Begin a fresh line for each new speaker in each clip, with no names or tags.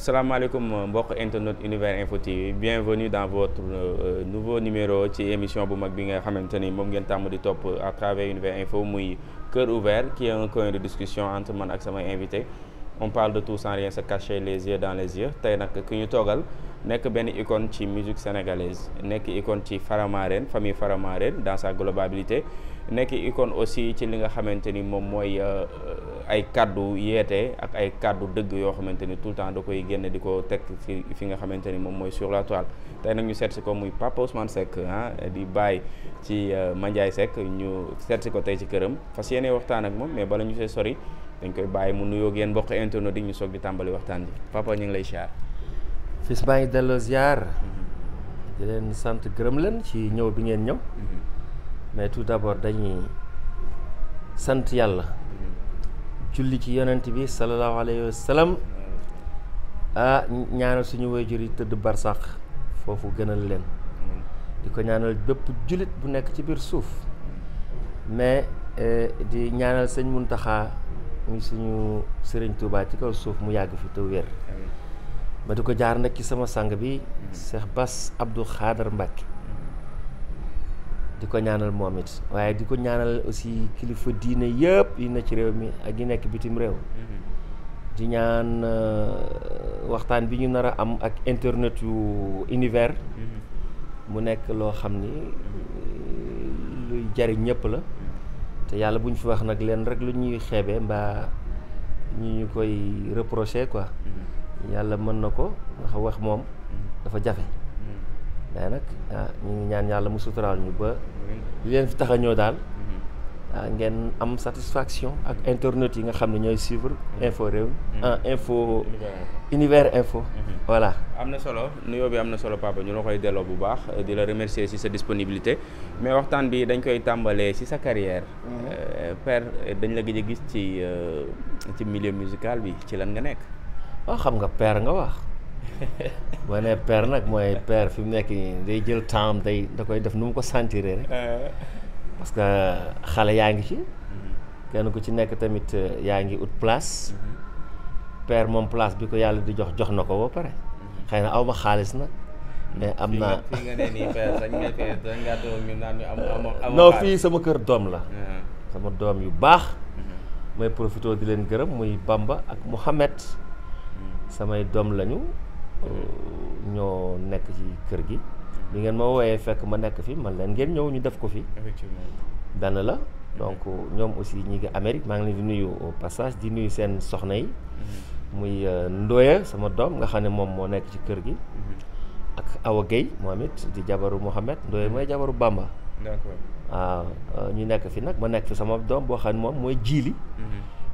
salaamaaleykum euh, mbokk internet univers info TV bienvenue dans votre euh, euh, nouveau numéro ci émission bu mag bi nga xamante ni moom ngeen tàmm di topp à travers univers info muy cœur ouvert qui est un coin de discussion entre man ak samay invité on parle de tout sans rien se cacher les yeux dans les yeux tey nag ki ñu toogal nekk benn icône ci musique sénégalaise nekk icône ci Faramareen famille Faramareen dans sa globalité nekk icône aussi ci li nga xamante ni moom mooy euh, ay kàddu yeete ak ay kàddu dëgg yoo xamante ni tout le temps da koy génne di ko teg fi fi nga xamante ni moom mooy sur la toile tey nag ñu seet si ko muy Papa Ousmane Seck ah, di bàyyi ci euh, Mandiaye Seck ñu seet ko tey ci këram fas yéene waxtaan ak moom mais bala ñu see sori dañ koy bàyyi mu nuyoo yéen mbokk internet di
ñu soog di tàmbali waxtaan bi papa ñu ngi lay ziar. fii si maa ngi ziar. Mm-hmm. di leen sant gërëm leen ci ñëw bi ngeen ñëw. Mm-hmm. mais tout d'abord dañuy sant yàlla julli ci yonent bi sallallahu alayhi wa ah ñaanal suñu waajur yi tëdd barsax foofu gënal leen di ko ñaanal bépp jullit bu nekk ci biir suuf mais eh, di ñaanal sëñ Muntaxa muy suñu sëriñ Touba ci kaw suuf mu yàgg fi te wér ma di ko jaar nag ci sama sàng bi Cheikh Bass Abdou Khader Mbacke di ko ñaanal moom it waaye di ko ñaanal aussi kilifa diine yëpp yi na ci réew mi ak yi nekk bitim réew. Mm-hmm. di ñaan euh, waxtaan bi ñu nar a am ak internet yu univers. Mm-hmm. mu nekk loo xam ni mm-hmm. luy jariñ ñëpp la. te yàlla bu ñu fi wax nag leen rek lu ñuy xeebee mbaa ñu ñu koy reprocher quoi. yàlla mën na ko ndax wax moom dafa jafe. mais nag ah ñu ngi ñaan yàlla mu suturaal ñu ba li leen fi ñëw daal mhm. ah, ngeen am satisfaction ak internet yi nga xam ne ñooy suivre mhm. info réew mhm. ah info univers info voilà
am na solo nuyoo bi am na solo papa ñu la koy delloo bu baax di la remercier ci sa disponibilité mais waxtaan bi dañ koy tàmbalee ci sa carrière euh, père dañ la gëj a gis ci euh, ci milieu musical bi ci lan nga
nekk waaw ah, xam nga per nga wax boo nee père nag mooy père fi mu nekk nii day jël temps day da koy def nu mu ko sentir rek. Eh. parce que xale yaa ngi ci. Mm-hmm. kenn ku ci nekk tamit eh, yaa ngi ut place. Mm-hmm. per moom place bi ko yàlla di jox jox na ko ba pare. Mm-hmm. xëy na aw ma xaalis nag. mais am naa fii nga sama kër doom la. Uh-huh. sama doom yu baax. mooy profité di leen gërëm muy Bamba ak Mouhamed. samay doom lañu. Euh, ñoo nekk ci kër gi bi ngeen ma wooyee fekk ma nekk fi man leen ngeen ñëw ñu def ko fi benn la mhm. donc ñoom aussi ñi ngi Amérique maa ngi leen di nuyu au passage di nuyu seen soxna yi mhm. muy euh, Ndoya sama doom nga xam ne moom moo nekk ci kër gi mhm. ak Awa Gueye moom it di jabaru Mohamed Ndoya mooy jabaru bàmba d'accord waaw ah, euh, ñu nekk fi nag ma nekk fi sama doom boo xam ne moom mooy jiili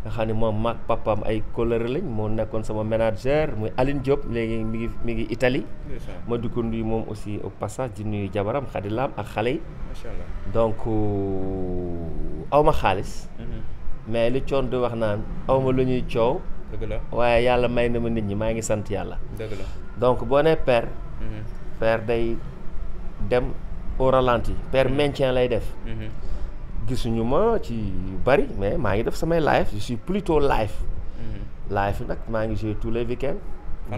nga xam ne moom maag papaam ay colère lañ moo nekkoon sama ménagère muy Aline Diop léegi mi ngi mi ngi itali ma di ko moom aussi au passage di nuyu jabaram Khady Lam ak xale yi macha allah euh, awma xaalis mhm. mais li coon di wax naan awma lu ñuy coow la waaye yàlla may na ma nit ñi maa ngi sant yàlla dëgg la donc boo nee père mhm. père day dem au ralenti père mhm. maintien lay def gisuñu ma ci yu bari mais maa ngi def samay live je suis plutôt live. Mm-hmm. live yi nag maa ngi joué tous les week-ends.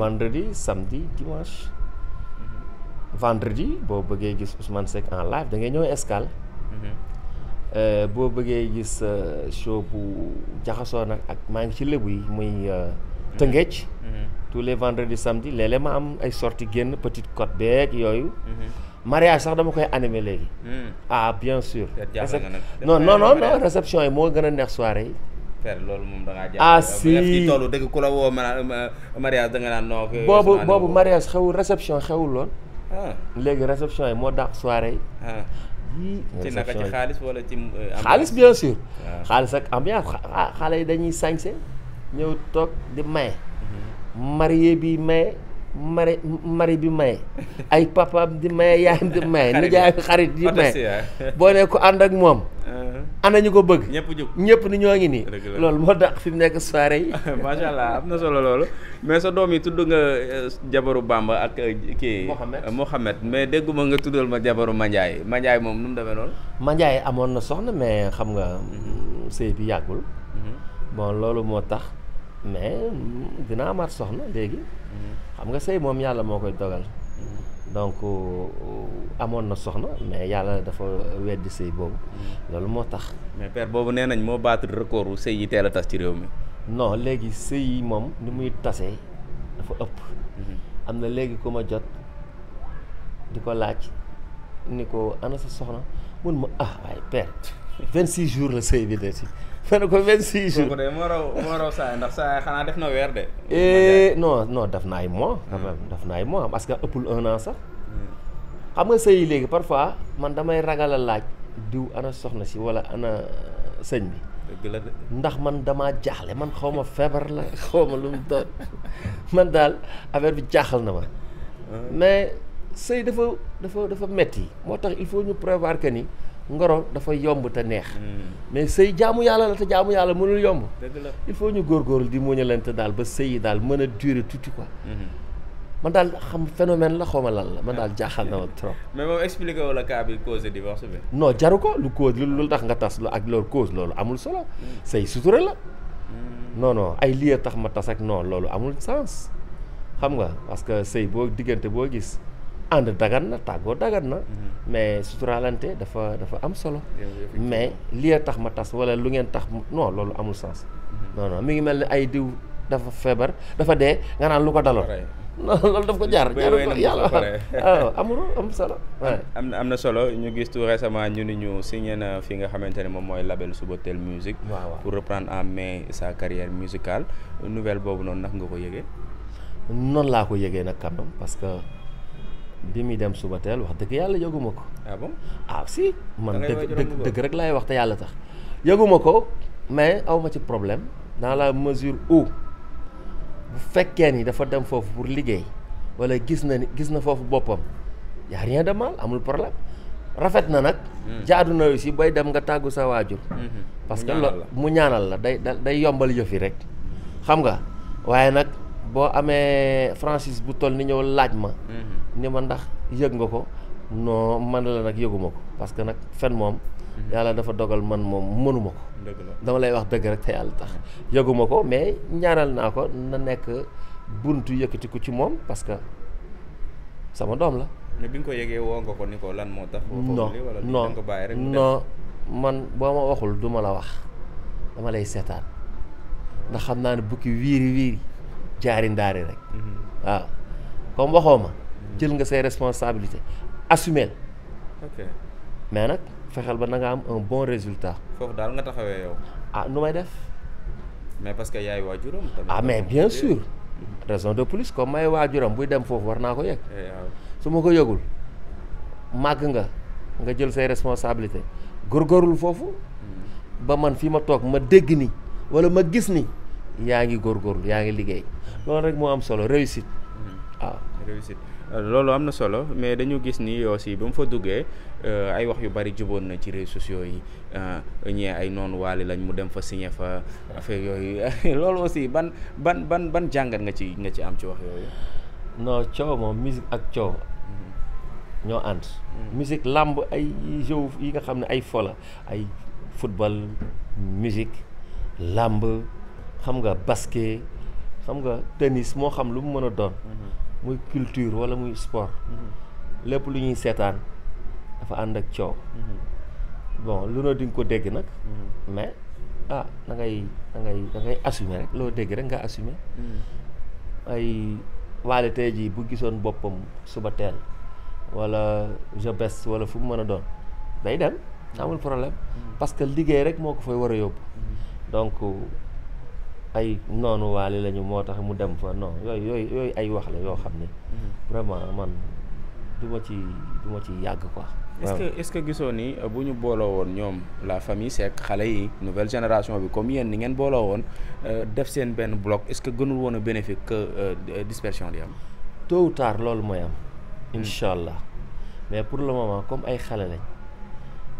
vendredi samedi dimanche. Mm-hmm. vendredi boo bëggee gis Ousmane Seck en live da ngay ñëw Escale.
Mm-hmm.
Euh, boo bëggee gis euh, show bu jaxasoo nag ak maa ngi ci lébu yi muy euh, Tëngéej. tous les vendredis samedi léeg-léeg ma am ay sorties génn Petite Côte beeg yooyu. mariage sax dama koy animer léegi. Hmm. ah bien sûr. non non non non réception yi moo gën a neex soirée yi.
loolu moom da ngaa ah si toolu dëgg ku la woo mariage da nga naan non. boobu boobu
mariage xewul réception xewul lool. Ah. léegi réception yi moo dàq soirée yi. Ah. ci ci
xaalis wala ci. Euh, xaalis bien sûr.
Ah. xaalis ak ambiance xale yi dañuy sañse ñëw toog di maye. Mhm. marié bi maye. mari mari bi maye ay papaam di maye yaayam di maye nijaay xarit di maye boo ne ko ànd ak moom
uh-huh.
na ñu ko bëgg ñëpp ñëpp ni ñoo ngi nii loolu moo tax fi mu nekk soirée yi macha allah am na
solo loolu mais sa doom yi tudd nga euh, jabaru Bamba ak euh, kii euh, Mohamed mais dégguma nga tuddal ma jabaru Mandiaye Mandiaye moom nu mu demee noonu
Mandiaye amoon na soxna mais xam nga mm-hmm. sëy bi yàggul
mm-hmm.
bon loolu moo tax mais dina amaat soxna léegi. xam nga sëy moom yàlla moo koy dogal. donc euh, amoon na soxna mais yàlla dafa weddi sëy boobu. loolu moo tax.
mais per boobu nee nañ moo battre record wu sëy yi teel a tas ci réew mi.
non léegi sëy yi moom ni muy tasee dafa ëpp. Mhm. am na léegi ku ma jot di ko laaj ni ko ana sa soxna mun ma ah waaye père 26 jours la sëy bi de si. ma ko 26 jours. kooku de moo raw moo raw saa ndax saa xanaa def na weer de. non non def na ay mois. quand même na ay mois parce que ëppul un an sax. xam nga sëy yi léegi parfois man damay ragal a laaj diw ana soxna si wala ana sëñ bi. ndax man dama jaaxle man xaw ma feebar la xaw ma lu mu doon man daal affaire bi jaaxal na ma. mais hmm. sëy dafa dafa dafa metti moo tax il faut ñu prévoir que ni. ngoro dafa yomb te neex. Mm. mais sëy jaamu yàlla la te jaamu yàlla mënul yomb. dëgg la il faut ñu góor góorgóorlu di muñalante daal ba sëy yi daal mën a durer tuuti ko mm-hmm. ma daal xam phénomène la xaw ma la ma daal jaaxal na ma trop.
mais expliqué wala cas bi cause de divorce
jaru ko lu cause lu tax nga tas ak loolu cause loolu amul solo. Mm. sëy sutura la.
Mm.
non non ay liy tax ma tas ak non loolu amul sens. xam nga parce que sëy boo diggante boo gis. ànd dagan na tàggoo dagan na mm-hmm. mais suturaalante dafa dafa am solo mais li a tax ma tas wala lu ngeen tax non loolu amul sens mm-hmm. non non mi ngi mel ni ay diw dafa feebar dafa dee nga lu ko daloon loolu daf ko jaar jaar ko yàlla waaw ah, amul am solo
am na am na solo ñu gis tout récemment ñu ni ñu signé na fi nga xamante ne moom mooy label Subatel Music waaw pour reprendre en main sa carrière musicale nouvelle boobu noonu naka
nga ko yëgee noonu laa ko yëgee nag quand même bi muy dem suba teel wax dëgg yàlla yëguma ko. ah, ah si. man dëgg dëgg dëgg rek laay wax te yàlla tax. yëguma ko mais awma ci problème dans la mesure où bu fekkee ni dafa dem foofu pour liggéey wala gis na ni gis na foofu boppam y a rien amul problème rafet na nag. Hmm. jaadu na aussi booy dem nga tàggu sa waajur. Hmm,
hmm. parce que lo
mu ñaanal la day day yombal yëf yi rek. xam nga waaye nag. boo amee franchise bu toll ni ñëw laaj ma. Mhm. ni ma ndax yëg nga ko non man la nag yëguma ko parce que nag fen moom. Mhm. yàlla dafa dogal man moom mënuma ko. dama lay wax dëgg rek te yàlla tax mhm. yëguma ko mais ñaaral naa ko na nekk buntu yëkkati ko ci moom parce que sama doom la.
mais bi nga ko yëgee woo nga ko ni ko lan moo tax. non non non
man boo ma waxul duma la wax dama lay seetaan ndax xam naa ne bukki wiiri wiiri. jaari ndaare rek mm-hmm. waaw comme waxoo ma jël nga say responsabilité assumeel mais nag fexeel ba na am un bon résultat
foofu daal nga taxawee yow ah nu may def mais parce que yaay waajuram tamit ah mais bien
sûr raison de plus comme may waajuram buy dem foofu war naa ko yëg eh, su ma ko yëgul màgg nga nga jël say responsabilité góorgóorlu foofu mm-hmm. ba man fi ma toog ma dégg ni walla ma gis nii yaa ngi góorgóorlu yaa ngi liggéey
loolu rek moo am solo réussit waaw réussite mm-hmm. ah. euh, loolu am na solo mais dañu gis ni aussi ba mu fa duggee euh, ay wax yu bari juboon na ci réseaux sociaux yi euh, ñee ay noonu waale lañ mu dem fa signé fa affaire yooyu loolu aussi ban ban ban ban
jàngat nga ci nga ci am ci wax yooyu non coow moom musique ak coow mm-hmm. ñoo ànd mm-hmm. musique làmb ay jeu yi nga xam ne ay fola ay football musique làmb xam nga basket xam nga tennis moo xam lu mu mën a doon. Mm-hmm. muy culture wala muy sport. Mm-hmm. lépp lu ñuy seetaan dafa ànd ak coow. Mm-hmm. bon lu na di ko dégg nag. mais ah da ngay da ngay da ngay rek loo dégg rek nga assumer. ay waale tey jii bu gisoon boppam suba teel walla je bes wala fu mu mën a doon day dem amul problème. parce que liggéey rek moo ko fay war a yóbbu. ay noonu waali lañu moo tax mu dem fa non yooyu yooyu yooyu ay wax la yoo xam ni. Mhm. vraiment man du ma ci du ma ci yàgg quoi. est-ce que
est-ce que gisoo ni bu ñu booloo woon ñoom la famille Seck xale yi nouvelle génération bi comme yéen ni ngeen booloo woon euh, def seen benn bloc est-ce que gënul woon a
bénéfique que euh, dispersion di am. tôt ou tard loolu mooy am. Hmm. incha allah mais pour le moment comme ay xale lañ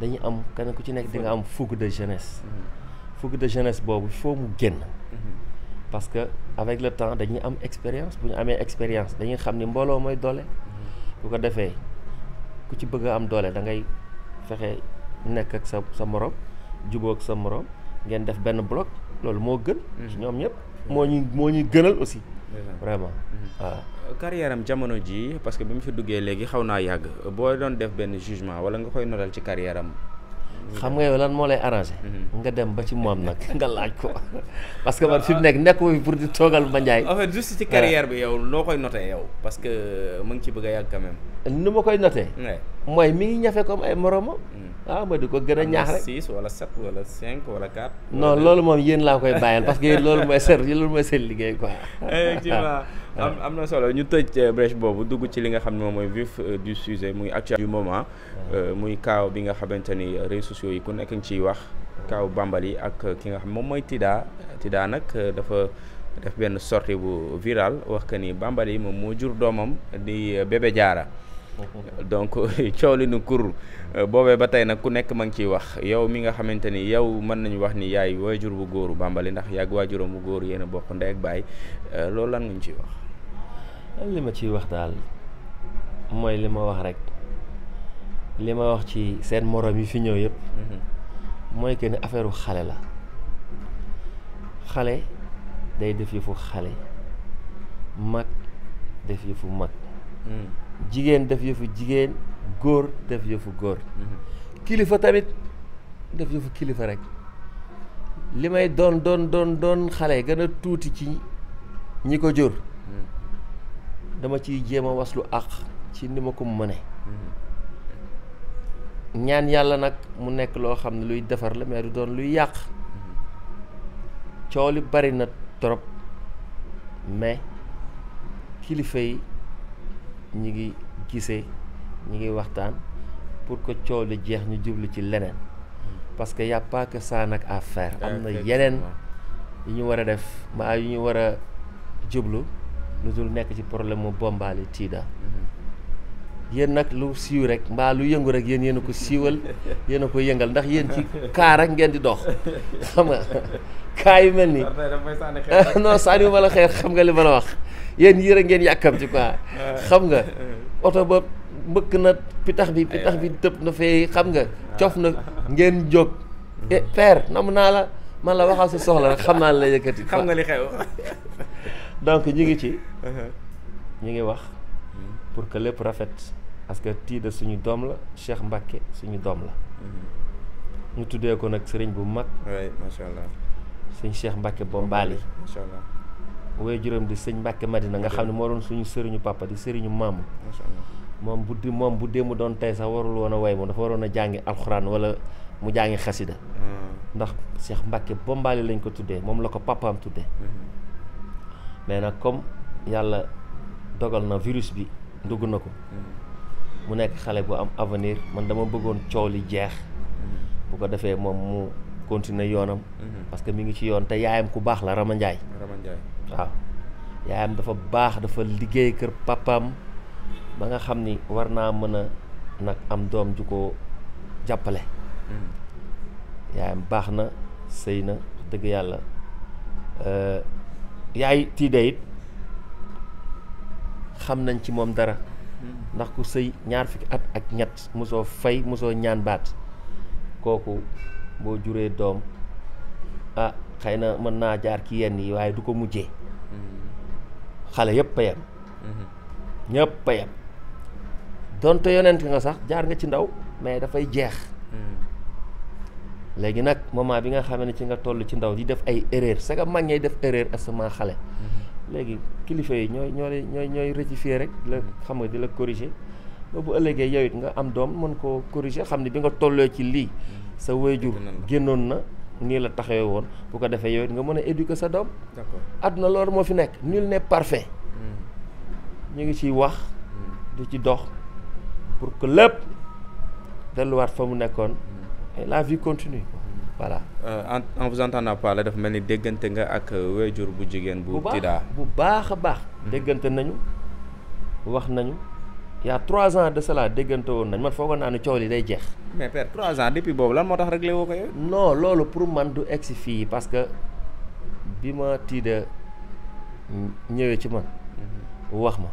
dañu am kenn ku ci nekk di nga am fougue de jeunesse. Hmm. fougue de jeunesse boobu foo mu génn. parce que avec le temps dañuy am expérience bu ñu amee expérience dañuy xam ni mbooloo mooy doole mm-hmm. bu ko defee ku ci bëgg a am doole da ngay fexe nekk ak sa sa morom juboo ak sa morom ngeen def benn bloc loolu moo gën. Mm-hmm. ñoom ñëpp moo ñuy moo ñuy gënal aussi. vraiment mm-hmm.
waaw. Euh, carrière jamono jii parce que bi mu fi duggee léegi xaw naa yàgg boo doon def benn jugement wala nga koy nodal ci carrière xam
nga yow lan moo lay arrangé. Mhm. nga dem ba ci moom nag nga laaj ko. parce que man fi mu nekk nekkuma fi pour di toogal Mandiaye. en fait juste ci carrière
bi yow loo koy noté yow. parce que mu ngi ci bëgg a yàgg quand même.
nu ma koy noté. mooy mi ngi ñafe comme ay moromam. Mm. ah ma di ko gën a ñaax rek
six wala sept wala
cinq wala quatre. non loolu moom yéen laa koy bàyyal parce que loolu mooy seen loolu mooy seen liggéey quoi. effectivement.
am am na solo ñu tëj euh, brèche boobu dugg ci li nga xam ne moom mooy vif euh, du sujet muy actuel du moment euh, muy kaaw bi nga xamante ni réseaux sociaux yi nekk nga ciy wax kaaw Bambali ak ki nga xam moom mooy Tida Tida nag dafa def benn sorti bu viral wax que ni Bambali moom moo jur doomam di bébé jaara donc coow li nu kur boobee ba tey nag ku nekk ma ngi ciy wax yow mi nga xamante ni yow mën nañu wax ni yaay waajur bu góoru bàmbali ndax yàgg waajuram bu góor yéen bokk ndey ak baay loolu lan nga ñu ciy wax.
li ma ciy wax daal mooy li ma wax rek li ma wax ci seen morom yi fi ñëw yëpp mhm. mooy que ni affaire xale la xale day def yëfu xale mag def yëfu mag mhm. jigéen def yëfu jigéen góor def yëfu góor mhm. kilifa tamit def yëfu kilifa rek li may doon doon doon doon xale gën a tuuti ci ñi ko jur dama ciy jéem a lu àq ci ni ma ko mënee ñaan yàlla nag mu nekk loo xam ne luy defar la mais du doon luy yàq coow li bari na trop mais kilifa yi ñi ngi gisee ñu ngi waxtaan pour que coow li jeex ñu jublu ci leneen parce que y a pas nag à am na yeneen yu ñu war a def maa yu ñu war a jublu lu dul nekk ci problème mu Bombali Tida
mm-hmm.
yéen nag lu siiw rek mbaa lu yëngu rek yéen yéen ko siiwal yéen a ko yëngal ndax yéen ci kaa rek ngeen di dox xam nga kaa yu mel nii non sànni ma xeer xam nga li ma la wax yéen yii rek ngeen yàkkam ci quoi xam nga oto ba mbëkk na pitax bi pitax bi tëb na fee xam nga cof na ngeen jóg eh, père nam naa la man la waxal sa soxla rek xam naa la yëkkati xam nga li xew donc ñi ngi ci uh-huh. ñi ngi wax mm-hmm. pour que lépp rafet parce que tiida suñu doom la Cheikh Mbacke suñu doom la mm-hmm. ñu tuddee ko nag sëriñ bu mag macha allah suñ Cheikh Mbacke Bombali macha allah woy juróom di sëñ Mbacke Madina nga xam ne moo doon suñu sëriñu papa di sëriñu maam moom bu di moom bu mu doon tey sax warul woon a way moom dafa waroon a jàngi alxuraan wala mu jàngi xasida mm-hmm. ndax Cheikh Mbacke Bombali lañ ko tuddee moom la ko papaam tuddee mais nag comme yàlla dogal na virus bi ndugg na ko mu nekk xale bu am avenir man dama bëggoon coow li jeex bu ko defee moom mu continuer yoonam mhm. parce que mi ngi ci yoon te yaayam ku baax la Rama Ndiaye Rama waaw yaayam dafa baax dafa liggéey kër papaam ba nga xam ni war naa mën a nag am doom ju ko jàppale mhm. yaayam baax na sëy na dëgg yàlla euh, yaay tiide it xam nañ ci moom dara hmm. ndax ku sëy ñaar fukki at ak ñett mosoo fay mosoo ñaan baat kooku boo juree doom ah xëy na mën naa jaar ci yenn yi waaye du ko mujjee hmm. xale yëpp a yem hmm. ñëpp a yem donte nga sax jaar nga ci ndaw mais dafay jeex léegi nag moment bi nga xamee ne ci nga tollu ci ndaw di def ay erreur sa nga mag ñay def erreur sama xale mm-hmm. léegi kilifa yi ñooy ñooy ñooy ñooy rectifier rek la mm-hmm. xam nga di la corriger ba bu ëllëgee yow it nga am doom mën koo corriger xam ne bi nga tollee ci lii mm-hmm. sa waajur génnoon na nii la taxawee woon bu ko defee yow nga mën a éduquer sa doom d'accord àdduna loolu moo fi nekk nul n'est parfait ñu ngi ciy wax di ci dox pour que lépp delluwaat fa mu nekkoon la vie continue voilà.
Euh, en en vous entendant parler dafa mel ni déggante nga ak wéjur bu jigéen bu. Tida bu
baax a baax. Mm-hmm. déggante nañu wax nañu. y' trois ans de cela déggante woon nañ man foogoon naa ne coow li day jeex. mais père trois ans depuis boobu lan moo tax réglé woo ko yow. non loolu pour man du si fii parce que bi ma tiida ñëwee ci man. Mm-hmm. wax ma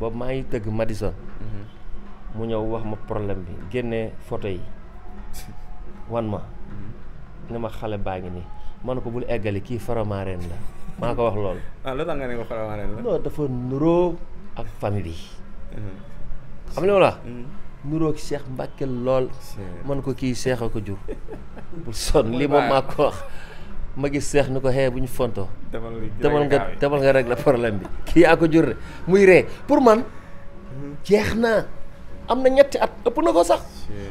boobu maa ngi tëgg Madison. Mm-hmm. mu ñëw wax ma problème bi génnee photo yi wan ma ne ma xale baa ngi nii man ko bul eggali kii faramareen la maa ko wax loolu. ah dafa nuroo ak famille bi. Mhm. xam nga wala. nuróo ak Cheikh Mbacke lool. man ko kii seex a ko jur. bul sonn lii moom maa ko wax. ma gis seex ni ko xee bu ñu fontoo demal nga demal nga régler problème bi kii yaa ko jur de muy ree pour man mhm. jeex naa am na ñetti at ëpp na ko sax.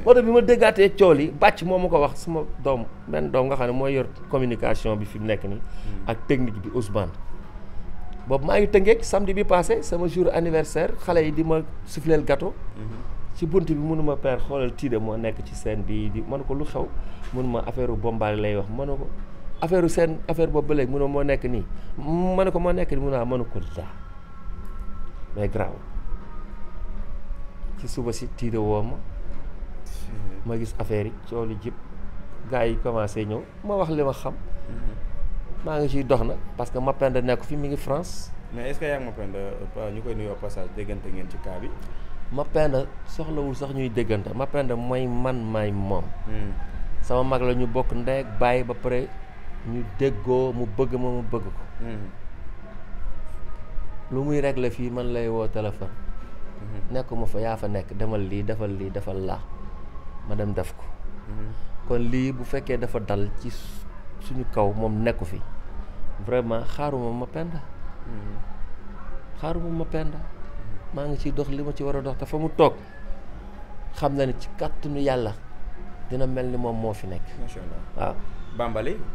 moo bi ma déggaatee cool yi bàcc moo ma ko wax suma doom benn doom nga xam ne mooy yor communication bi fi mu nekk nii. Hmm. ak technique bi Ousmane. boobu maa ngi tëngeeg samedi bi passé sama jour anniversaire xale yi di ma souffleel gato hmm. ci bunt bi mënuma per xoolal tiide moo nekk ci seen bi di mën ko lu xew mënuma affaire bombaale lay wax mën ko affaire seen affaire boobu ba léegi mënuma moo nekk nii mën ko moo nekk nii mën naa mën ko daa mais ci suba si tiire woo ma ma gis affaire yi coow lu jëpp gars yi commencé ñëw ma wax li ma xam mm-hmm. maa ngi ciy dox na parce que Mapenda nekk fi mi ngi France
mais est-ce que yaa ñu koy nuyoo passage déggante ngeen ci cas bi
Mapenda soxlawul sax ñuy déggante Mapenda mooy man may moom mm. sama mag la ñu bokk ndey ak bàyyi ba pare ñu déggoo mu bëgg ma mu bëgg ko mm-hmm. lu muy régler fii man lay woo téléphone Mhm. nekkuma fa yaa fa nekk demal lii defal lii defal laa ma dem def ko mhm. kon lii bu fekkee dafa dal ci suñu kaw moom nekku fi vraiment xaaruma ma penda mhm. xaaruma ma penda maa ngi ciy dox li ma ci war a dox te mu toog xam na ne ci kàttanu yàlla dina mel ni moom moo fi nekk. macha allah waaw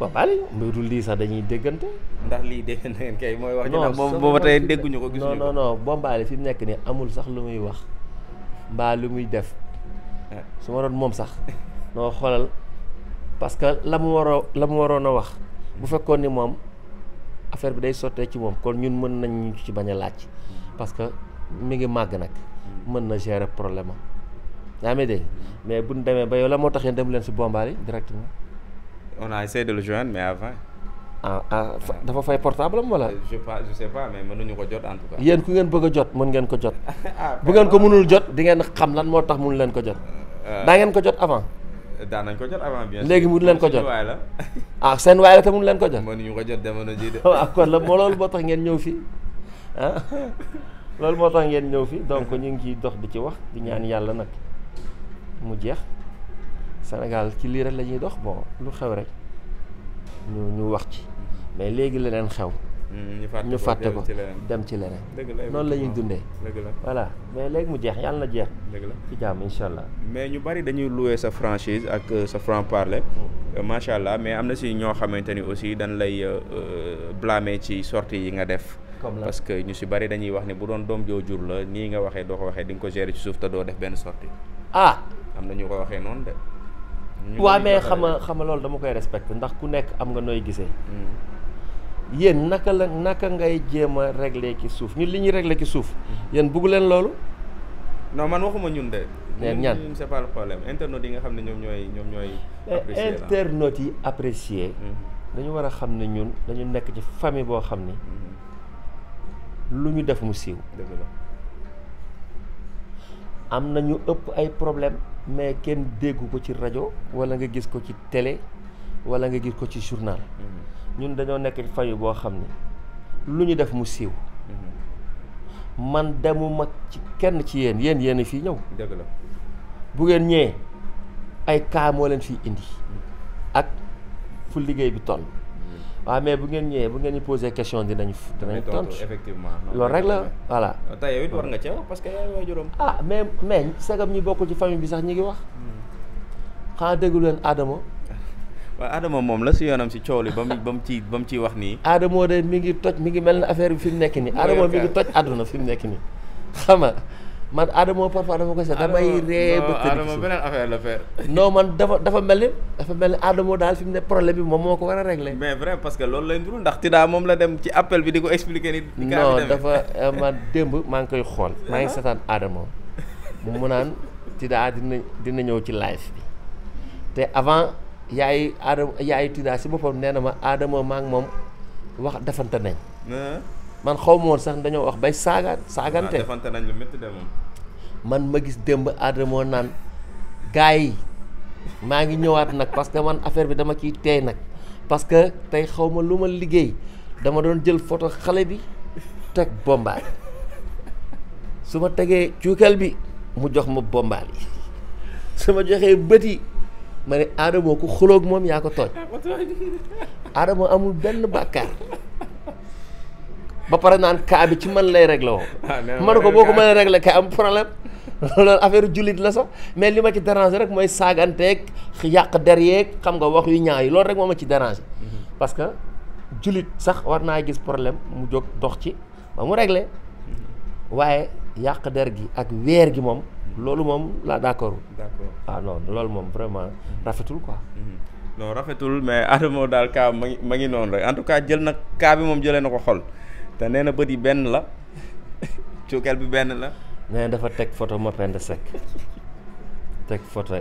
waaw bàyyi la lii sax dañuy déggante.
ndax lii dégg na kay mooy wax. non moom booba tey dégguñu ko. gisuñu
Bombaale fi mu nekk ni amul sax lu muy wax mbaa lu muy def ah. su ma moom sax noo xoolal parce que la mu waroo la mu waroon a wax bu fekkoon ni moom affaire bi day sottee ci moom kon ñun mën nañ ñu ci bañ a laaj parce que mi ngi màgg nag mën na gérer problème am yaa ngi dégg mm-hmm. mais nu demee ba yow la moo tax yéen dem leen si Bombaale directement. on a essayé de le joindre mais avant. ah, ah dafa fay portable am wala. je je
sais pas mais mënuñu ko jot en tout yéen
ku ngeen bëgg a jot mën ngeen ko jot. Ah, bu ngeen ko mënul jot dingeen ngeen xam lan moo tax munu leen ko jot. Euh, euh. daa ngeen ko jot avant.
daan ko jot avant bien léegi mënu leen ko jot
ah seen waay la te mënu leen ko jot. mënuñu ko jot demoon na ji de. la moo loolu moo tax ngeen ñëw fii ah, loolu moo tax ngeen ñëw fii donc ñu ngi ciy dox di ci wax di ñaan yàlla nag mu jeex. Sénégal ci lii rek la ñuy dox bon lu xew rek ñu wax ci mais léegi la leen xew. Mm, ñu fàtte ko dem ci leneen noonu la ñuy dundee voilà mais léegi mu jeex yàlla na jeex ci jàmm insha allah
mais ñu bari dañuy louer sa franchise ak euh, sa franc parler mm. euh, macha allah mais am na si ñoo xamante ni aussi dañ lay euh, blâmer ci sortie yi nga def parce que ñu si bari dañuy wax ne bu doon doom joo jur la nii nga waxee doo ko waxee di nga ko gérer ci suuf te doo def benn sortie ah am na ñu ko waxee noonu de waaw mais xama
xama loolu dama koy respecté ndax ku nekk am nga nooy gisee mm. yéen naka la naka ngay jéem a régler ki suuf ñu li ñuy régler ki suuf mm. yéen bugg leen loolu non man waxuma ñun de ñun ñan
c'est pas problème internautes yi nga xam ne ñoom ñooy ñoom ñooy internautes
yi apprécier mm. dañu war a xam ne ñun dañu nekk ci famille boo xam ni lu ñu def mu siiw am na ñu ëpp ay problème mais kenn déggu ko ci rajo wala nga gis ko ci télé wala nga gis ko ci journal mm-hmm. ñun dañoo nekk fayu boo xam ne lu ñu def mu siiw
mm-hmm.
man demuma ci kenn ci yéen yéen yéen fii ñëw dëgg la bu ngeen ñëwee ay kaamoo moo leen fii indi mm-hmm. ak fu liggéey bi toll waaw ah, mais bu ngeen ñëwee bu ngeen ñu posé question dinañ. dinañ tontu loolu rek la voilà.
tey war nga ci parce
que yaay waa ah mais mais sagam ñi bokkul ci famille bi sax ñi ngi wax. xanaa déggu leen Adama.
waaw Adama moom la si yoonam si coow li ba mu ba mu ciy ba mu ciy wax nii.
Adama de mi ngi toj mi ngi mel ne affaire bi fi mu nekk nii. Adama mi ngi toj àdduna fi mu nekk nii xam man Adama parfois dafa koy seet damay ree ba Adama beneen affaire la man dafa dafa mel ni dafa mel ni Adama daal fi mu ne problème bi moom moo ko war a régler mais vrai parce
que loolu lay nduru ndax Tida moom la dem ci appel bi di ko expliquer ni non dafa
euh, man démb maa ngi koy xool maa ngi seetaan Adama mu naan Tida dina dina ñëw ci live bi te avant yaay Adama yaay Tida si boppam nee na ma aadamoo maa ngi moom wax defante nañ man xaw ma woon sax dañoo wax bay saagaan saagante ah, nañ lu métti man ma gis démb aadama moo naan gars yi maa ngi ñëwaat nag parce que man affaire bi dama kii teey nag parce que tey xaw ma lu ma liggéey dama doon jël photo xale bi teg bombaal su ma tegee cuukal bi mu jox ma bombaal yi su ma joxee bët yi ma ne aadamoo ku xuloog moom yaa ko tooñ aadamoo amul benn bàkkaar ba pare naan kaa bi ci man lay réglé woo. Ah, man ko boo ko mënee réglé kay am problème loolu affaire jullit la sax mais li ma ci déranger rek mooy saaganteeg yàq der yeeg xam wax yu ñaaw yi loolu rek moo ma ci déranger. Mhm. parce que jullit sax war naa gis problème mu jóg dox ci ba mu mhm. waaye yàq der gi ak weer gi moom. Mhm. loolu moom laa d'accord. d'accord ah, loolu moom vraiment rafetul quoi.
non rafetul mais Adamo daal kaa ma ma ngi noonu rek en tout cas jël na kaa bi moom jëlee na ko xol. te nee na bët yi benn la cuukeel bi benn la.
nee dafa teg photo Mapenda Seck teg photo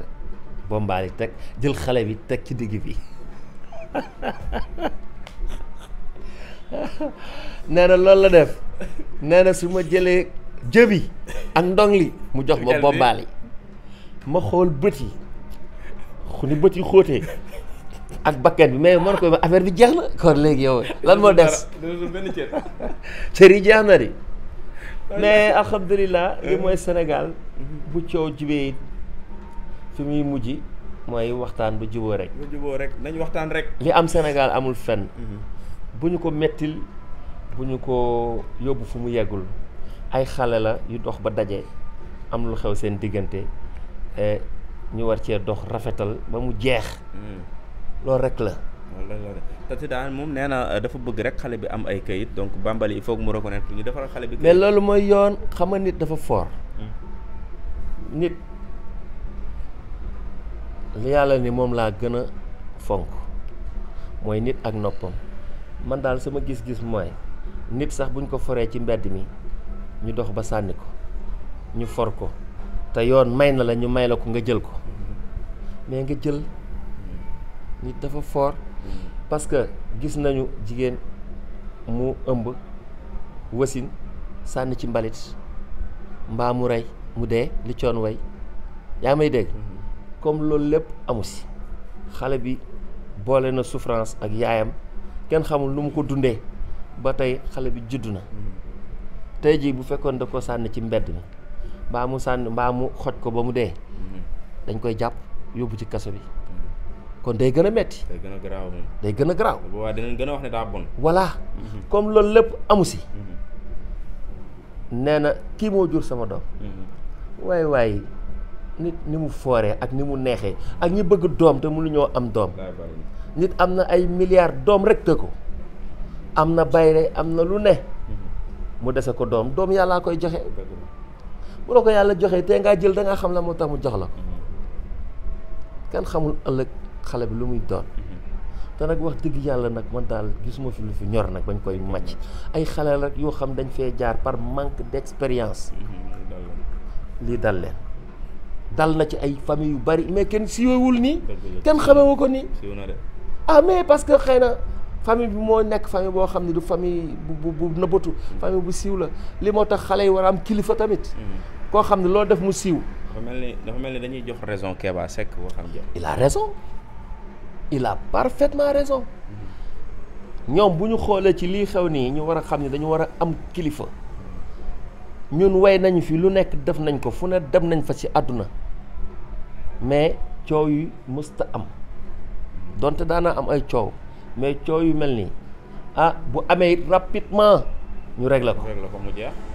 Bombali teg jël xale bi teg ci digg bi nee na loolu la def nee su ma jëlee jëbi ak ndong li mu jox ma Bombali ma xool bët yi xu ni bët yi xóotee. ak bakket bi mais man ko affaire bi jeex na kon léegi yow lan moo des cër yi jeex na di mais alhamdulilah li mooy Sénégal bu coow jibee fi muy mujj mooy waxtaan bu juboo rek
bu waxtaan rek
li am Sénégal amul fenn mhm. bu ñu ko mettil bu ñu ko yóbbu fu mu yeggul ay xale la yu dox ba daje am lu xew seen diggante eh, ñu war cee dox rafetal ba mu jeex mhm. loolu rek la.
te moom nee na euh, dafa bëgg rek xale bi am ay kayit donc Bambaly il faut que mu reconnaître xale bi. mais loolu
mooy yoon xam nga nit dafa fort.
Hmm.
nit li yàlla ni moom laa gën a fonk mooy nit ak noppam man daal sama gis-gis mooy nit sax buñ ko foree ci mbedd mi ñu dox ba sànni ko ñu for ko te yoon may na la ñu may la ko nga jël ko hmm. mais nga jël. nit dafa fort parce que gis nañu jigéen mu ëmb wasin sànni ci mbalit mbaa mu rey mu dee li coon way yaa may dégg mm-hmm. comme loolu lépp amu si xale bi boole na souffrance ak yaayam kenn xamul nu mu ko dundee ba tey xale bi judd na mm-hmm. tey jii bu fekkoon da ko sànni ci mbedd mi mbaa mu sànni mbaa mu xoj ko ba mu dee mm-hmm. dañ koy jàpp yóbbu ci kaso bi kon day gën a metti
day gën a garaaw day gën a garaaw waaw dinañ a wax ne daa bon voilà mhm.
comme loolu lépp amu si mhm. nee na kii moo jur sama doom mhm. waaye waay nit ni mu fooree ak ni mu neexee ak ñi bëgg doom te mënuñoo am doom nit am na ay milliards doom rek te ko am na bayre am na lu ne mu dese ko doom doom yàllaa koy joxe bu la ko yàlla joxe te ngaa jël da ngaa xam la moo tax mu jox la ko kenn xamul ëllëg xale bi lu muy doon mm-hmm. te nag wax dëgg yàlla nag man daal gisuma fi lu fi ñor nag bañ koy màcc mm-hmm. ay xale rek yoo xam ne dañ fee jaar par manque d'expérience mm-hmm. lii dal leen dal na ci ay famille yu bari mais kenn siiwewul nii kenn xamewu ko nii ah mais parce que xëy na famille bi moo nekk famille boo xam ne du fami bu bu nëbbatu famille bu siiw la lii moo tax xale yi war a am kilifa tamit koo xam ne loo def mu siiw
dafa mel ni dafa mel ni dañuy jox raison Keba Seck boo
xam il a parfaitement raison ñoom bu ñu xoolee ci lii xew nii ñu war a xam ni dañu war a am kilifa ñun way nañu fi lu nekk def nañ ko fu ne dem nañ fa ci àdduna mais coow yu mësta am donte daana am ay coow mais coow yu mel nii ah bu amee rapidement ñu régler ko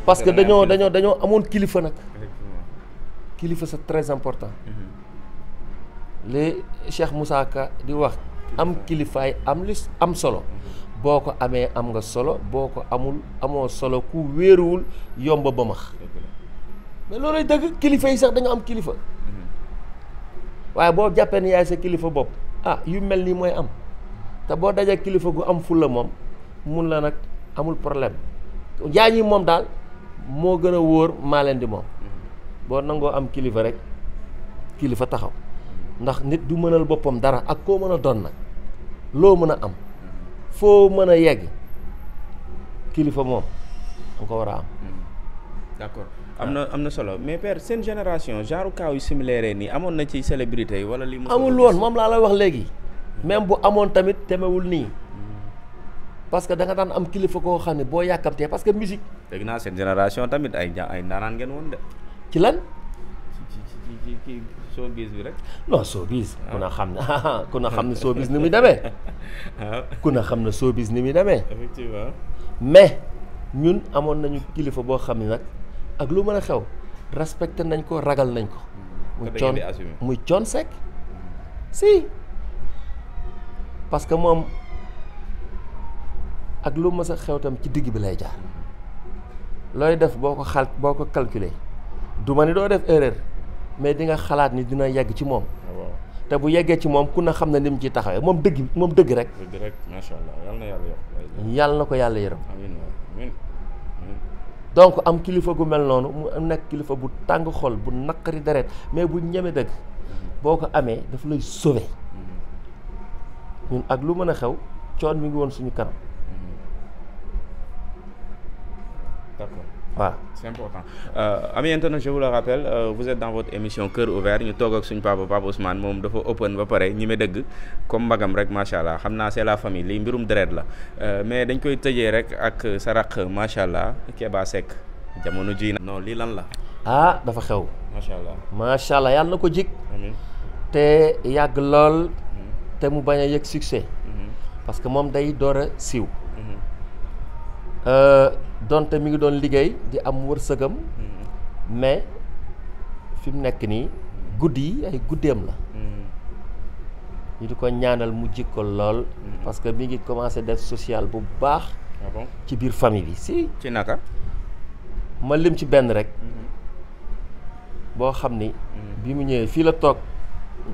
parce que dañoo dañoo dañoo amoon kilifa nag kilifa c'est très important mm-hmm. li Cheikh mussa Ka di wax am kilifaay am li am solo boo ko amee am nga solo boo ko amul amoo solo ku wéeruwul yomba ba max loolu loolay dëgg kilifa yi sax dañu am kilifa mm-hmm. waaye boo jàppee ni yaay sa kilifa bopp ah yu mel nii mooy am te boo dajee kilifa gu am fulla moom mun la nag amul problème yaa ñi moom daal moo gën a wóor maa leen di moom mm-hmm. boo nangoo am kilifa rek kilifa taxaw ndax nit du mënal boppam dara ak koo mën a doon nag loo mën a am foo mën a yegg kilifa moom nga ko war a am.
Hmm. d'accord am na am na solo mais per seen génération
genre cas yu similaire nii amoon na ci célébrité yi wala li. amul woon moom laa la wax léegi même bu amoon tamit temewul nii. Hmm. parce que da nga daan am kilifa koo xam ne boo yàkkamtee parce que musique.
dégg naa seen génération tamit ay ay ndaanaan ngeen woon de. ci lan. ci ci showbiz bi rek.
non showbiz. ku ah. na xam ne ku na xam ne showbiz ni muy demee. waaw ah. na xam ne showbiz ni muy demee. effectivement mais ñun amoon nañu kilifa boo xam ne nag ak lu mën a xew respecté nañ ko ragal nañ ko. muy coon muy coon sec si parce que moom ak lu mës a xew tam ci digg bi lay jaar looy def boo ko xal boo ko calculer du ma ni doo def erreur. mais di nga xalaat ni dina yegg ci moom. Ah, te bu yeggee ci moom ku ne xam na ni mu ciy taxawee moom dëgg moom dëgg rek.
dëgg rek macha allah yàlla na ko yàlla yërëm. amiin amiin
donc am kilifa gu mel noonu mu nekk kilifa bu tàng xol bu naqari deret mais bu ñeme dëgg mhm. boo ko amee daf lay sauver mhm. ak lu mën a xew coon mi ngi woon suñu kanam.
voilà c'est important euh, ami internet je vous le rappelle euh, vous êtes dans votre émission cœur ouvert ñu toog ak suñ papa papa Ousmane moom dafa open ba pare ñi me dëgg comme mbagam rek macha allah xam naa c'est la famille lii mbirum deret la euh, mais dañ koy tëjee rek ak sa raq macha allah Keba Seck jamono ji non lii lan la.
ah dafa xew. macha allah macha allah yàlla na ko jig. te yàgg lool. Mhm. te mu bañ a yëg succès. Mhm. parce que moom day door a siiw. Euh, donte mi ngi doon liggéey di am wërsëgam mm-hmm. mais fi mu nekk nii guddi yi ay guddeem la mm-hmm. ñu di ko ñaanal mu jikko lool mm-hmm. parce que mi ngi commencé def sociale bu baax ah ci biir famille bi si ci naka ma lim ci benn rek boo xam ni bi mu ñëwee fii la toog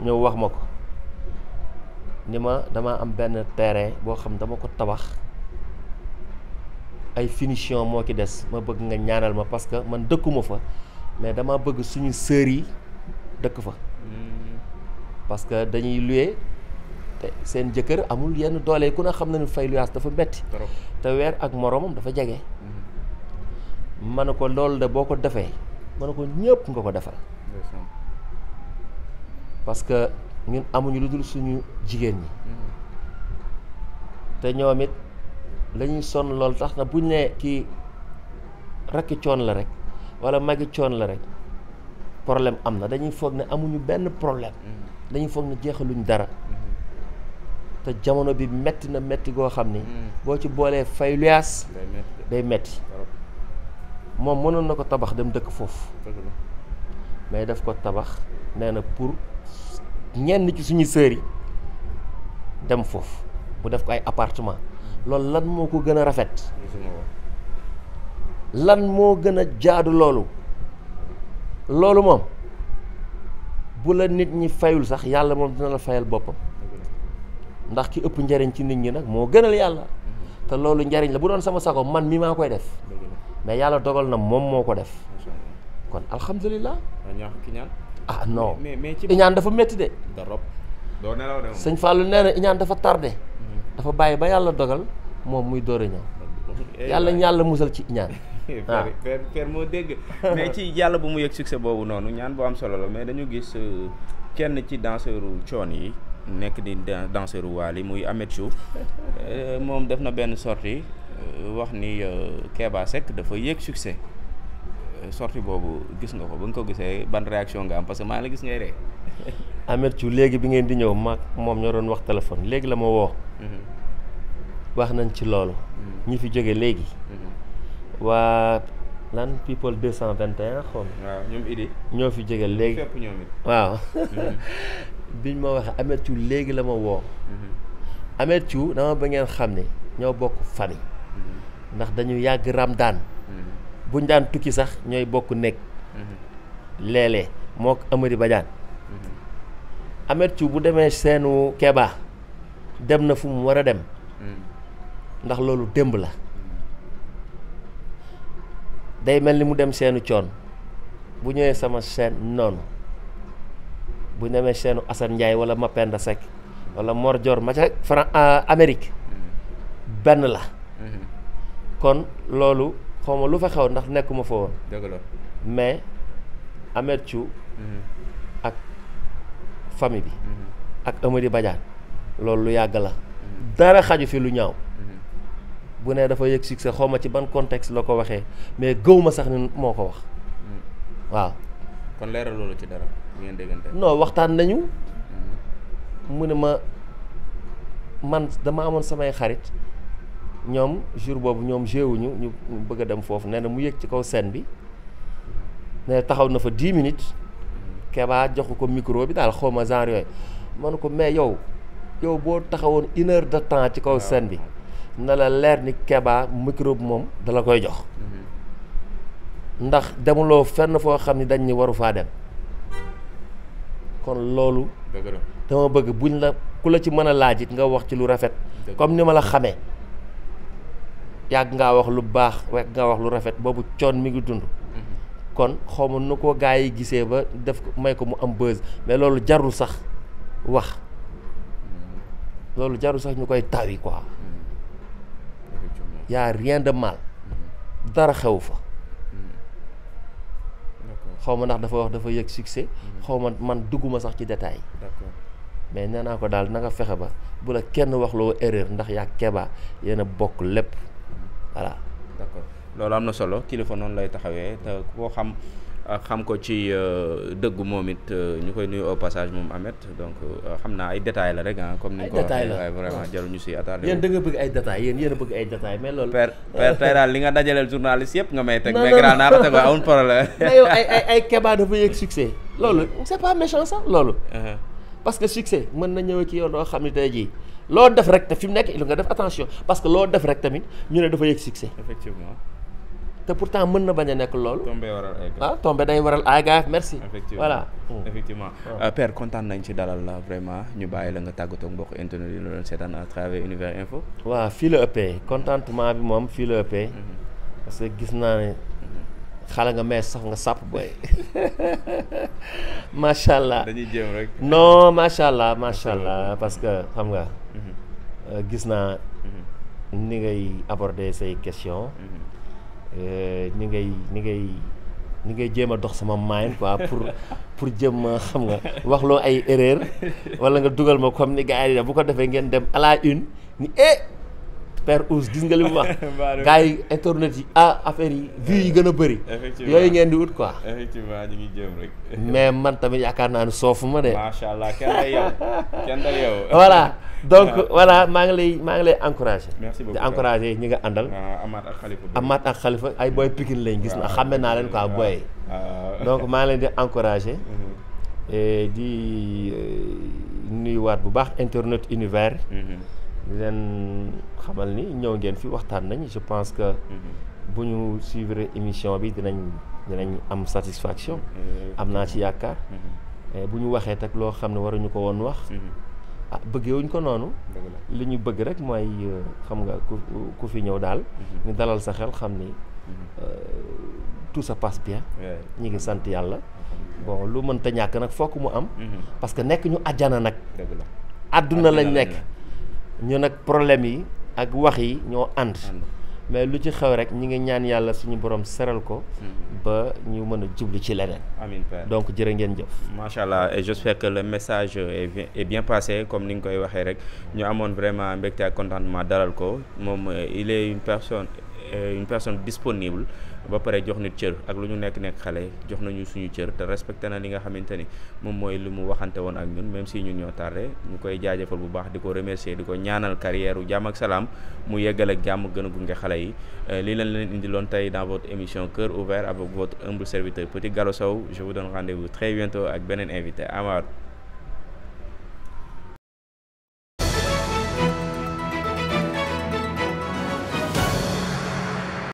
ñëw wax ma ko ni ma dama am benn terrain boo xam dama ko tabax ay finition moo ki des ma bëgg nga ñaanal ma parce que man dëkkuma fa mais dama bëgg suñu sœurs yi dëkk fa hmm. parce que dañuy luye te seen jëkkër amul yenn doole ku ne xam na ne fay luyaas dafa metti te weer ak moroomam dafa jege hmm. ma ne ko loolu de boo ko defee mën ne ko ñëpp nga ko defal parce que ñun amuñu lu dul suñu jigéen ñi hmm. te ñoom it dañuy sonn loolu tax na buñ ne kii rakki coon la rek wala magi coon la rek problème am na dañuy foog ne amuñu benn problème mm. dañuy foog ne jeexaluñ dara
mm-hmm.
te jamono bi metti na metti goo xam ni mm. boo ci boolee fay luyaas day metti moom mënoon na ko tabax dem dëkk foofu mais def ko tabax nee na pour ñenn ci suñu sœur yi dem foofu bu def ko ay appartement loolu lan moo ko gën a rafet lan moo gën a jaadu loolu loolu moom bu la nit ñi fayul sax yàlla moom dina la fayal boppam ndax ki ëpp njariñ ci nit ñi nag moo gënal yàlla mm-hmm. te loolu njariñ la bu doon sama sago man mi maa koy def mais yàlla dogal na moom moo ko def kon alhamdulilah ah non iñaan dafa métti de sëñ Fallou nee na iñaan dafa tardé dafa bàyyi ba yàlla dogal moom muy door a ñëw eh, yàlla musal ci ñaan waaw ah.
père moo dégg mais ci yàlla bu mu yëg succès boobu noonu ñaan bu am solo la mais dañu gis euh, kenn ci danseuru coon yi nekk di danseuru waal yi muy Ameth Chou euh, moom def na benn sortie euh, wax ni Keba Seck dafa yëg succès sorti boobu gis nga ko ba nga ko gisee ban réaction nga
am parce que maa la gis ngay ree Ameth Thiou léegi bi ngeen di ñëw mag moom ñoo doon wax téléphone léegi la ma woo mhm. nañ ci loolu mhm. ñi fi jóge léegi mhm. waa lan people 221 xool waaw ñoom idi ñoo fi jóge léegi fépp ñoom it ma waxee Ameth léegi la ma woo Ameth Thiou dama ba ngeen xam ni ñoo bokk famille ndax dañu yàgg Ramadaan buñ daan tukki sax ñooy bokk nekk mm-hmm. léeg-léeg mook Amari Badiane
mm-hmm.
Amet Thiou bu demee seenu Keba dem na fu mu war a dem
mm-hmm.
ndax loolu démb la day mel ni mu dem seenu coon bu ñëwee sama seen noonu bu demee seenu Assane Ndiaye wala Mapenda Seck wala Mor Dior ma ca Fran euh, Amérique benn la kon loolu xaw ma lu fa xew ndax nekkuma fa woon. dëgg mais Ameth Thiou mhm. ak famille bi. Mhm. ak Amady Badiane loolu lu yàgg la. Mhm. dara xaju fi lu ñaaw. bu ne dafa yëg succès xaw ma ci ban contexte la ko waxee mais gëw ma sax ni moo ko wax waaw.
kon leeral loolu ci dara
ngeen déggante. non waxtaan nañu. mu ne ma man dama amoon samay xarit. ñoom jour boobu ñoom géewuñu ñu bëgg a dem foofu nee na mu yëg ci kaw scène bi ne taxaw na fa 10 minutes kebaa joxu ko micro bi daal xaw ma genre yooyu man ko mais yow yow boo taxawoon une de temps ci kaw ah, scène bi na la leer ni kebaa micro bi moom dala koy jox
mm-hmm.
ndax demuloo fenn foo xam ni dañ ni waru faa dem kon loolu dama bëgg buñ la ku la ci mën a laaj it nga wax ci lu rafet comme ni ma la xamee yàgg ngaa wax lu baax yàgg ngaa wax lu rafet boobu coon mi ngi dund kon xaw ma nu ko gaa yi gisee ba def may ko mu am buzz mais loolu jarul sax wax loolu jarul sax ñu koy tawi ko y a rien de mal dara xew fa xaw ma ndax dafa wax dafa yëg succès mm-hmm. xaw ma man dugguma sax ci détail mais nee naa ko daal na nga fexe ba bu la kenn wax loo erreur ndax yaa Keba yenn a bokk lépp voilà.
d'accord loolu am na solo kilifa noonu lay taxawee te koo xam xam ko ci euh, dëgg moom it euh, ñu koy nuyu au passage moom Ameth donc euh, xam naa ay détails la rek ah. comme ni ko waxee waaye vraiment jarul ñu si attardé. yéen da bëgg ay
détails yéen yéen a bëgg ay détails mais loolu. père père tey daal
li nga dajaleel journaliste yëpp nga may teg. mais grand naa ko teg amul problème. mais yow ay
ay ay Keba dafa yëg succès. loolu c'est pas méchant sax loolu. Uh-huh. parce que succès mën na ñëw ci yow doo xam ne tey jii. loo def rek te fi mu nekk il nga def attention parce que loo def rek tamit ñu ne dafa yëg succès. effectivement. te pourtant mën na bañ a nekk loolu. tombé waral ay ah tombé day waral ay gaaf merci. effectivement voilà.
effectivement euh, Père kontaan nañ ci dalal la vraiment ñu bàyyi la nga tàggatoo mbokk internet yi la doon seetaan à travers Univers Info.
waaw fii la ëppee contentement bi moom fii la ëppee. Mhm. parce que gis naa ne mhm. xale nga mees sax nga sàpp booy macha allah dañuy jéem rek. non macha allah macha allah parce que xam nga. Euh, gis naa mm-hmm. ni ngay aborder say question ñu mm-hmm. euh, ngay ñu ngay ni ngay jéem a dox sama main quoi pour pour jëm xam nga wax loo ay erreur wala nga dugal ma comme ni gars yi bu ko defee ngeen dem à une ni eh per Ousse gis nga li mu wax. gars yi internet yi ah affaire yi vues yi gën a bëri. yooyu ngeen di ut quoi.
effectivement ñu ngi jëm
mais man tamit yaakaar naa ne soofu ma de. macha allah kenn
day yow kenn donc
voilà maa ngi lay maa ngi lay encouragé. merci beaucoup di encouragé ñi nga àndal. Amath ak Khalifa Amath ak ay booy Pikine lañ gis na xàmme naa leen quoi booy. donc maa ngi leen di encouragé. Mhm. Euh, bu baax internet univers. Mhm. di leen xamal ni ñëw ngeen fi waxtaan nañ je pense que. Mm-hmm. bu ñu suivre émission bi dinañ dinañ am satisfaction. Mm-hmm. am naa ci yaakaar. Mm-hmm. Eh, bu ñu waxee tak loo xam ne waruñu ko woon wax. ah bëggewuñ ko noonu. li ñu bëgg rek mooy euh, xam nga ku ku fi ñëw daal. ñu dalal sa xel xam ni. Euh, tout ça passe bien. ñi ngi sant yàlla. bon lu mënta ñàkk nag fokk mu am. parce que nekk ñu àjjana nag. àdduna lañ nekk. ñu nag problème yi ak wax yi ñoo ànd mais lu ci xew rek ñi ngi ñaan yàlla suñu borom seral ko mm-hmm. ba ñu mën a jublu ci leneen amiin donc jërë ngeen jëf macha allah et j'espère que
le message est bien passé comme ni nga koy waxee rek ñu amoon vraiment mbégte ak contentement dalal ko moom euh, il est une personne euh, une personne disponible ba pare jox nit cër ak lu ñu nekk nekk xale jox nañu suñu cër te respecté na li nga xamante ni moom mooy lu mu waxante woon ak ñun même si ñun ñoo tardé ñu koy jaajëfal bu baax di ko remercier di ko ñaanal carrière u jàmm ak salaam mu yeggal ak jàmm gën gunge xale yi euh, lii lañ leen indi loon tey dans votre émission cœur ouvert avec votre humble serviteur Petit Gallo Sow je vous donne rendez-vous très bientôt ak beneen invité Amar